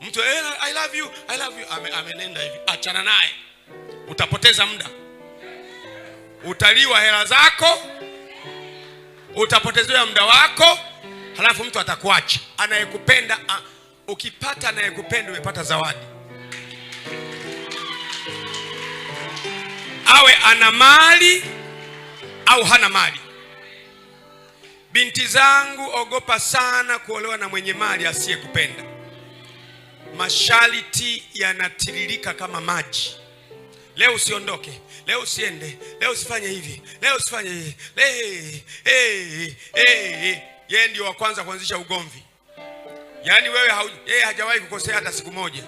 Mtu eh, I love you, I love you, amenenda hivi, achana naye, utapoteza muda, utaliwa hela zako, utapotezewa muda wako, halafu mtu atakuacha. Anayekupenda ukipata anayekupenda, umepata zawadi, awe ana mali au hana mali. Binti zangu, ogopa sana kuolewa na mwenye mali asiyekupenda masharti yanatiririka kama maji. Leo usiondoke, leo usiende, leo usifanye hivi, leo usifanye hivi. Hey, hey, hey. Yeye ndio wa kwanza kuanzisha ugomvi, yaani wewe yeye hajawahi kukosea hata siku moja.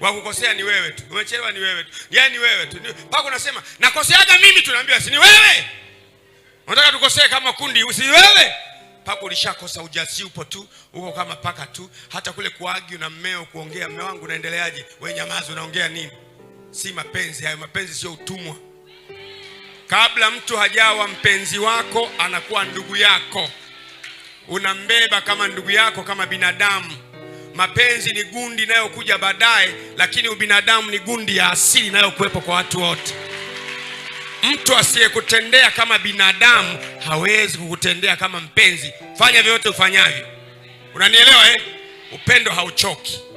Wa kukosea ni wewe tu, umechelewa ni wewe tu, yaani ni wewe tu mpaka unasema nakoseaga mimi, tunaambiwa si ni wewe. Unataka tukosee kama kundi, si wewe hapo ulishakosa ujasiri, upo tu, uko kama paka tu. Hata kule kuagi na mmeo kuongea, mme wangu unaendeleaje? Wewe nyamazi unaongea nini? Si mapenzi hayo, mapenzi sio utumwa. Kabla mtu hajawa mpenzi wako, anakuwa ndugu yako, unambeba kama ndugu yako, kama binadamu. Mapenzi ni gundi inayokuja baadaye, lakini ubinadamu ni gundi ya asili inayokuwepo kwa watu wote. Mtu asiyekutendea kama binadamu hawezi kukutendea kama mpenzi. Fanya vyote ufanyavyo, unanielewa eh? Upendo hauchoki.